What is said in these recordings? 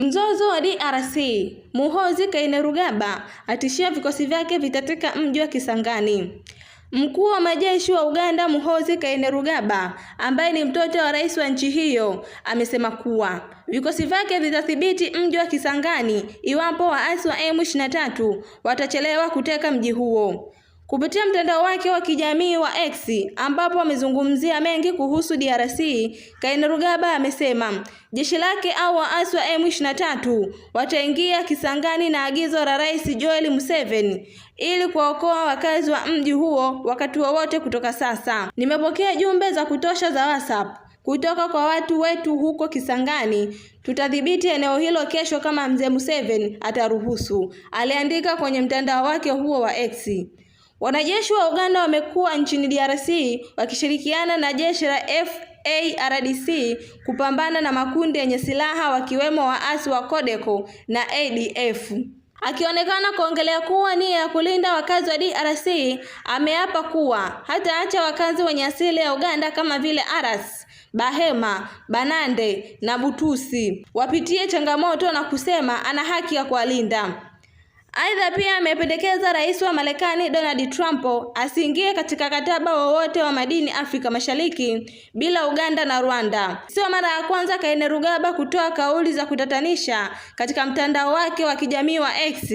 Mzozo wa DRC. Muhozi Kainerugaba atishia vikosi vyake vitateka mji wa Kisangani. Mkuu wa majeshi wa Uganda Muhozi Kainerugaba, ambaye ni mtoto wa rais wa nchi hiyo, amesema kuwa vikosi vyake vitadhibiti mji wa Kisangani iwapo waasi wa M23 watachelewa kuteka mji huo kupitia mtandao wake wa kijamii wa X ambapo amezungumzia mengi kuhusu DRC. Kainerugaba amesema jeshi lake au waasi wa M23 wataingia Kisangani na agizo la Rais Joel Museveni ili kuwaokoa wakazi wa mji huo wakati wowote kutoka sasa. Nimepokea jumbe za kutosha za WhatsApp kutoka kwa watu wetu huko Kisangani. Tutadhibiti eneo hilo kesho kama mzee Museveni ataruhusu, aliandika kwenye mtandao wake huo wa X. Wanajeshi wa Uganda wamekuwa nchini DRC wakishirikiana na jeshi la FARDC kupambana na makundi yenye silaha wakiwemo waasi wa kodeko na ADF. Akionekana kuongelea kuwa nia ya kulinda wakazi wa DRC, ameapa kuwa hataacha wakazi wenye asili ya Uganda kama vile Aras, Bahema, Banande na Butusi wapitie changamoto na kusema ana haki ya kuwalinda. Aidha, pia amependekeza rais wa Marekani Donald Trump asiingie katika kataba wowote wa madini Afrika Mashariki bila Uganda na Rwanda. Sio mara ya kwanza Rugaba kutoa kauli za kutatanisha katika mtandao wake wa kijamii wa X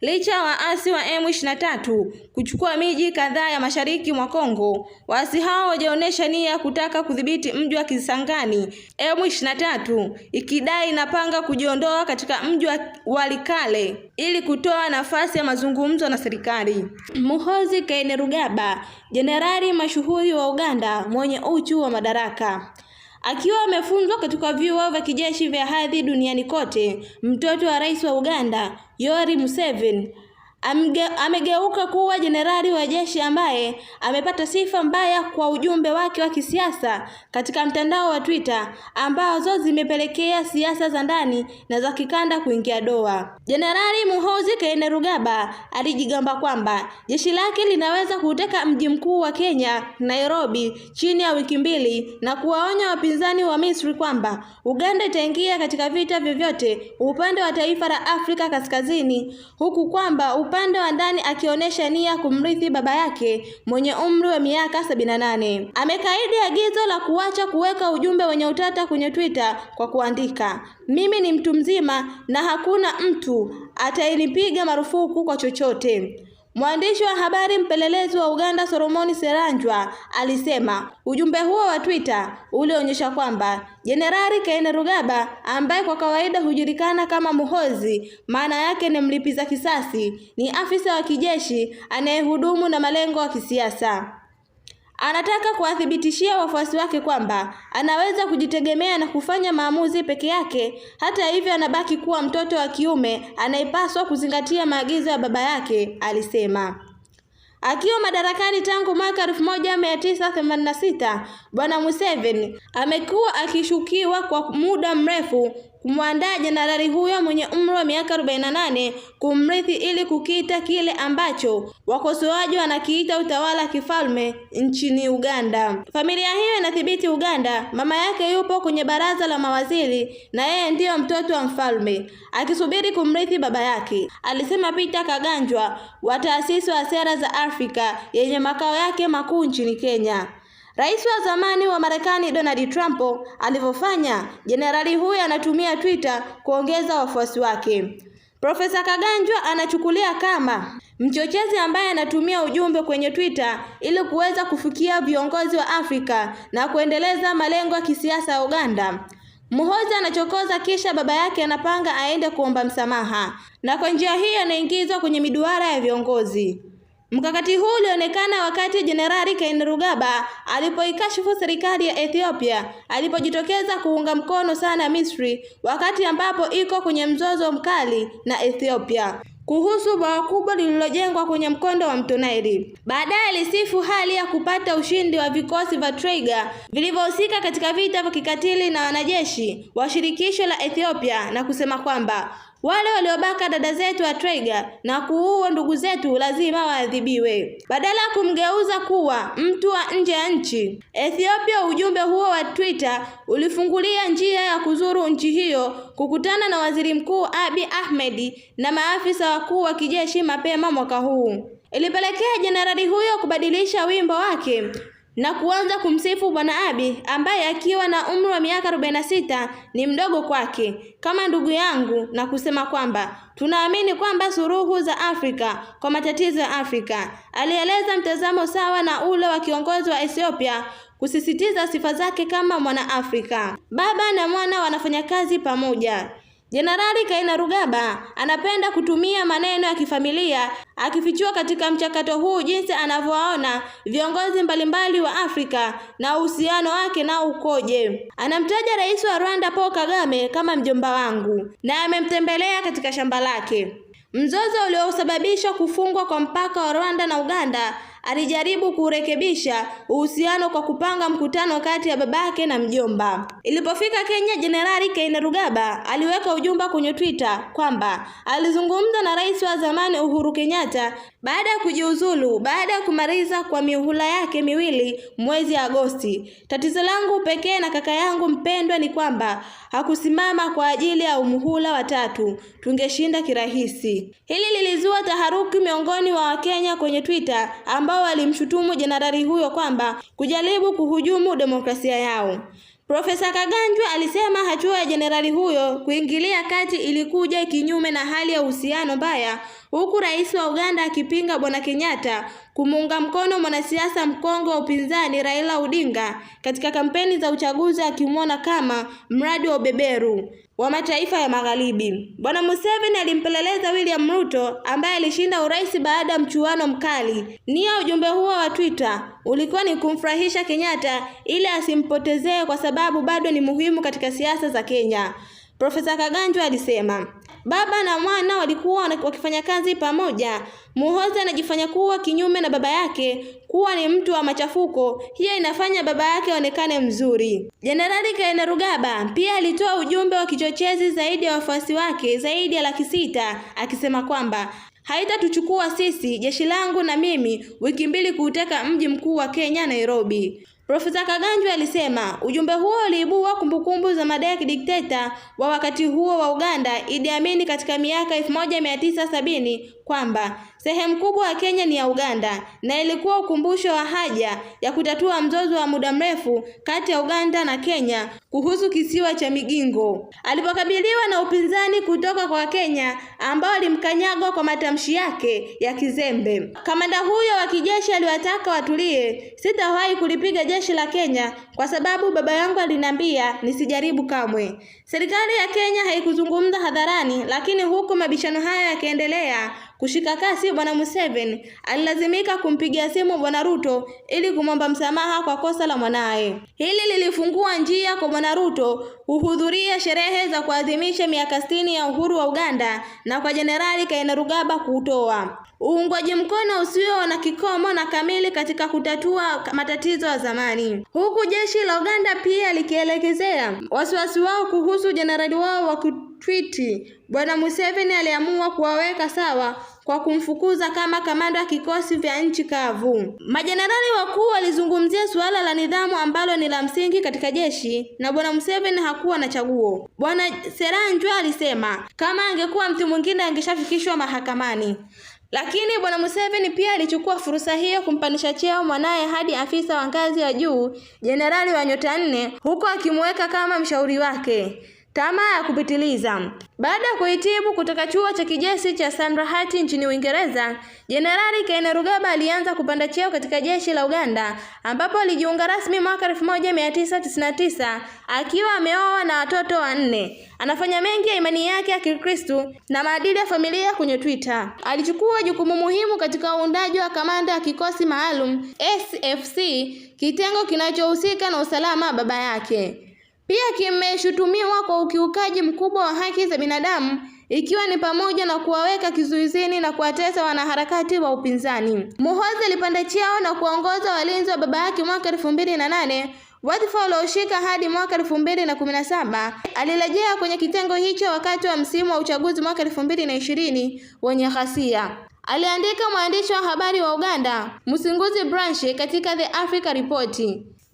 licha ya waasi wa M23 kuchukua miji kadhaa ya mashariki mwa Kongo. Waasi hao wajaonesha nia ya kutaka kudhibiti mji wa Kisangani. M23 ikidai inapanga kujiondoa katika mji wa Walikale ili kutoa nafasi ya mazungumzo na serikali. muhozi Kainerugaba, jenerali mashuhuri wa Uganda mwenye uchu wa madaraka, akiwa amefunzwa katika vyuo vya kijeshi vya hadhi duniani kote, mtoto wa rais wa Uganda Yoweri Museveni Amge, amegeuka kuwa jenerali wa jeshi ambaye amepata sifa mbaya kwa ujumbe wake wa kisiasa katika mtandao wa Twitter ambazo zimepelekea siasa za ndani na za kikanda kuingia doa. Jenerali Muhoozi Kainerugaba alijigamba kwamba jeshi lake linaweza kuteka mji mkuu wa Kenya, Nairobi, chini ya wiki mbili na kuwaonya wapinzani wa Misri kwamba Uganda itaingia katika vita vyovyote upande wa taifa la Afrika Kaskazini huku kwamba upande wa ndani akionyesha nia kumrithi baba yake mwenye umri wa miaka 78. Amekaidi agizo la kuacha kuweka ujumbe wenye utata kwenye Twitter kwa kuandika, mimi ni mtu mzima na hakuna mtu atayenipiga marufuku kwa chochote. Mwandishi wa habari mpelelezi wa Uganda Solomoni Seranjwa alisema ujumbe huo wa Twitter ulionyesha kwamba Jenerali Rugaba ambaye kwa kawaida hujulikana kama Muhozi, maana yake ni mlipiza kisasi, ni afisa wa kijeshi anayehudumu na malengo ya kisiasa. Anataka kuwathibitishia wafuasi wake kwamba anaweza kujitegemea na kufanya maamuzi peke yake. Hata hivyo, anabaki kuwa mtoto wa kiume anayepaswa kuzingatia maagizo ya baba yake, alisema. Akiwa madarakani tangu mwaka 1986, Bwana Museveni amekuwa akishukiwa kwa muda mrefu kumwandaa jenerali huyo mwenye umri wa miaka 48 kumrithi ili kukita kile ambacho wakosoaji wanakiita utawala kifalme nchini Uganda. Familia hiyo inathibiti Uganda. Mama yake yupo kwenye baraza la mawaziri na yeye ndiyo mtoto wa mfalme akisubiri kumrithi baba yake, alisema Peter Kaganjwa wa taasisi wa sera za Afrika yenye makao yake makuu nchini Kenya. Rais wa zamani wa Marekani Donald Trump alivyofanya, jenerali huyo anatumia Twitter kuongeza wafuasi wake. Profesa Kaganjwa anachukulia kama mchochezi ambaye anatumia ujumbe kwenye Twitter ili kuweza kufikia viongozi wa Afrika na kuendeleza malengo ya kisiasa ya Uganda. Muhozi anachokoza kisha baba yake anapanga aende kuomba msamaha na kwa njia hiyo anaingizwa kwenye miduara ya viongozi. Mkakati huu ulionekana wakati Jenerali Kainerugaba alipoikashifu serikali ya Ethiopia alipojitokeza kuunga mkono sana Misri wakati ambapo iko kwenye mzozo mkali na Ethiopia kuhusu bwawa kubwa lililojengwa kwenye mkondo wa mto Nile. Baadaye alisifu hali ya kupata ushindi wa vikosi vya Tigray vilivyohusika katika vita vya kikatili na wanajeshi wa shirikisho la Ethiopia na kusema kwamba wale waliobaka dada zetu wa Twiga na kuua ndugu zetu lazima waadhibiwe, badala ya kumgeuza kuwa mtu wa nje ya nchi. Ethiopia, ujumbe huo wa Twitter ulifungulia njia ya kuzuru nchi hiyo, kukutana na waziri mkuu Abiy Ahmed na maafisa wakuu wa kijeshi mapema mwaka huu, ilipelekea jenerali huyo kubadilisha wimbo wake na kuanza kumsifu Bwana Abi ambaye akiwa na umri wa miaka 46 ni mdogo kwake kama ndugu yangu na kusema kwamba tunaamini kwamba suluhu za Afrika kwa matatizo ya Afrika. Alieleza mtazamo sawa na ule wa kiongozi wa Ethiopia kusisitiza sifa zake kama mwana Afrika. Baba na mwana wanafanya kazi pamoja. Jenerali Kaina Rugaba anapenda kutumia maneno ya kifamilia akifichua katika mchakato huu jinsi anavyowaona viongozi mbalimbali wa Afrika na uhusiano wake nao ukoje. Anamtaja rais wa Rwanda Paul Kagame kama mjomba wangu na amemtembelea katika shamba lake. Mzozo uliosababisha kufungwa kwa mpaka wa Rwanda na Uganda alijaribu kurekebisha uhusiano kwa kupanga mkutano kati ya babake na mjomba. Ilipofika Kenya, Jenerali Kainerugaba aliweka ujumbe kwenye Twitter kwamba alizungumza na rais wa zamani Uhuru Kenyatta baada ya kujiuzulu baada ya kumaliza kwa mihula yake miwili mwezi Agosti. Tatizo langu pekee na kaka yangu mpendwa ni kwamba hakusimama kwa ajili ya umuhula wa tatu, tungeshinda kirahisi. Hili lilizua taharuki miongoni mwa Wakenya kwenye Twitter ambao walimshutumu jenerali huyo kwamba kujaribu kuhujumu demokrasia yao. Profesa Kaganjwe alisema hatua ya jenerali huyo kuingilia kati ilikuja kinyume na hali ya uhusiano mbaya huku rais wa Uganda akipinga Bwana Kenyatta kumuunga mkono mwanasiasa mkongwe wa upinzani Raila Odinga katika kampeni za uchaguzi, akimwona kama mradi wa ubeberu wa mataifa ya magharibi. Bwana Museveni alimpeleleza William Ruto ambaye alishinda urais baada ya mchuano mkali. Nia ujumbe huo wa Twitter ulikuwa ni kumfurahisha Kenyatta ili asimpotezee, kwa sababu bado ni muhimu katika siasa za Kenya. Profesa Kaganjwa alisema Baba na mwana walikuwa wakifanya kazi pamoja. Muhoza anajifanya kuwa kinyume na baba yake, kuwa ni mtu wa machafuko. Hiyo inafanya baba yake aonekane mzuri. Jenerali Kainerugaba pia alitoa ujumbe wa kichochezi zaidi ya wafuasi wake zaidi ya laki sita akisema kwamba haitatuchukua sisi jeshi langu na mimi wiki mbili kuuteka mji mkuu wa Kenya Nairobi. Profesa Kaganjwe alisema ujumbe huo uliibua kumbukumbu za madai ya kidikteta wa wakati huo wa Uganda Idi Amin katika miaka 1970 kwamba sehemu kubwa ya Kenya ni ya Uganda na ilikuwa ukumbusho wa haja ya kutatua mzozo wa muda mrefu kati ya Uganda na Kenya kuhusu kisiwa cha Migingo. Alipokabiliwa na upinzani kutoka kwa Wakenya ambao alimkanyagwa kwa matamshi yake ya kizembe, kamanda huyo wa kijeshi aliwataka watulie. Sitawahi kulipiga jeshi la Kenya kwa sababu baba yangu aliniambia nisijaribu kamwe. Serikali ya Kenya haikuzungumza hadharani, lakini huku mabishano haya yakiendelea Kushika kasi, bwana Museveni alilazimika kumpigia simu bwana Ruto ili kumwomba msamaha kwa kosa la mwanaye. Hili lilifungua njia kwa bwana Ruto kuhudhuria sherehe za kuadhimisha miaka sitini ya uhuru wa Uganda na kwa Jenerali Kainerugaba kuutoa uungwaji mkono usio na kikomo na kamili katika kutatua matatizo ya zamani, huku jeshi la Uganda pia likielekezea wasiwasi wao kuhusu jenerali wao wa twiti, Bwana Museveni aliamua kuwaweka sawa kwa kumfukuza kama kamanda wa kikosi vya nchi kavu. Majenerali wakuu walizungumzia suala la nidhamu ambalo ni la msingi katika jeshi na Bwana Museveni hakuwa na chaguo. Bwana Seranjwa alisema kama angekuwa mtu mwingine angeshafikishwa mahakamani. Lakini Bwana Museveni pia alichukua fursa hiyo kumpandisha cheo mwanaye hadi afisa wa ngazi ya juu, jenerali wa nyota nne, huku akimuweka kama mshauri wake. Tamaa ya kupitiliza. Baada ya kuhitimu kutoka chuo cha kijeshi cha Sandrahati nchini Uingereza, Jenerali Kainerugaba alianza kupanda cheo katika jeshi la Uganda ambapo alijiunga rasmi mwaka 1999 akiwa ameoa na watoto wanne. Anafanya mengi ya imani yake ya Kikristo na maadili ya familia kwenye Twitter. Alichukua jukumu muhimu katika uundaji wa kamanda ya kikosi maalum SFC, kitengo kinachohusika na usalama baba yake. Pia kimeshutumiwa kwa ukiukaji mkubwa wa haki za binadamu ikiwa ni pamoja na kuwaweka kizuizini na kuwatesa wanaharakati wa upinzani. Muhoozi alipanda cheo na kuongoza walinzi wa baba yake mwaka elfu mbili na nane wadhifa ulioshika hadi mwaka elfu mbili na kumi na saba. Alirejea kwenye kitengo hicho wakati wa msimu wa uchaguzi mwaka elfu mbili na ishirini wenye ghasia. Aliandika mwandishi wa habari wa Uganda Musinguzi Branch katika The Africa Report.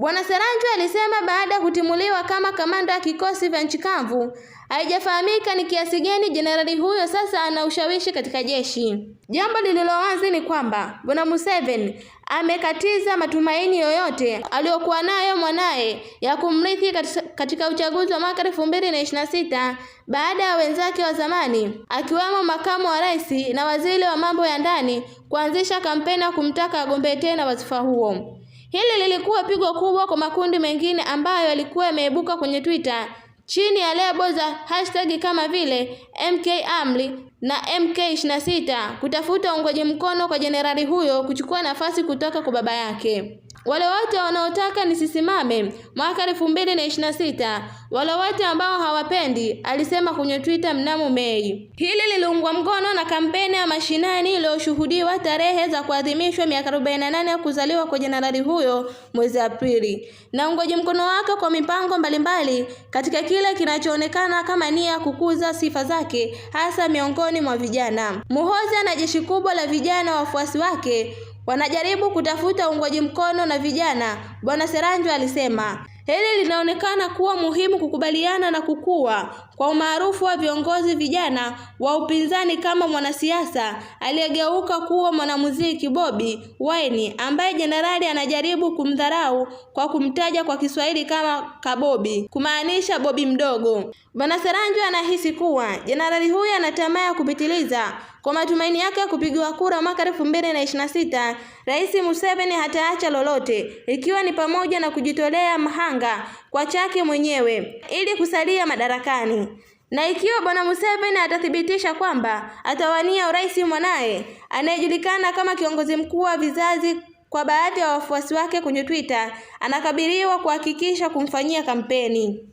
Bwana Saranjwe alisema baada ya kutimuliwa kama kamanda wa kikosi vya nchi kavu, haijafahamika ni kiasi gani jenerali huyo sasa ana ushawishi katika jeshi. Jambo lililo wazi ni kwamba Bwana Museveni amekatiza matumaini yoyote aliyokuwa nayo mwanaye ya kumrithi katika uchaguzi wa mwaka elfu mbili na ishirini na sita baada ya wenzake wa zamani akiwemo makamu wa rais na waziri wa mambo ya ndani kuanzisha kampeni ya kumtaka agombee tena wadhifa huo. Hili lilikuwa pigo kubwa kwa makundi mengine ambayo yalikuwa yameibuka kwenye Twitter chini ya lebo za hashtag kama vile mk MKAmri na MK26 kutafuta uungwaji mkono kwa jenerali huyo kuchukua nafasi kutoka kwa baba yake. Wale wote wanaotaka nisisimame mwaka elfu mbili na ishirini na sita, wale wote ambao hawapendi, alisema kwenye Twitter mnamo Mei. Hili liliungwa mkono na kampeni ya mashinani iliyoshuhudiwa tarehe za kuadhimishwa miaka 48 ya kuzaliwa kwa jenerali huyo mwezi Aprili, na ungoji mkono wake kwa mipango mbalimbali mbali, katika kile kinachoonekana kama nia ya kukuza sifa zake hasa miongoni mwa vijana. Muhoza na jeshi kubwa la vijana wafuasi wake wanajaribu kutafuta uungwaji mkono na vijana, Bwana seranjo alisema. Hili linaonekana kuwa muhimu kukubaliana na kukua kwa umaarufu wa viongozi vijana wa upinzani kama mwanasiasa aliyegeuka kuwa mwanamuziki Bobi Wine ambaye jenerali anajaribu kumdharau kwa kumtaja kwa Kiswahili kama kabobi, kumaanisha bobi mdogo. Bwana seranjo anahisi kuwa jenerali huyo ana tamaa ya kupitiliza kwa matumaini yake ya kupigiwa kura mwaka elfu mbili na ishirini na sita, Rais Museveni hataacha lolote, ikiwa ni pamoja na kujitolea mhanga kwa chake mwenyewe ili kusalia madarakani na ikiwa Bwana Museveni atathibitisha kwamba atawania urais mwanaye anayejulikana kama kiongozi mkuu wa vizazi kwa baadhi ya wafuasi wake kwenye Twitter anakabiliwa kuhakikisha kumfanyia kampeni.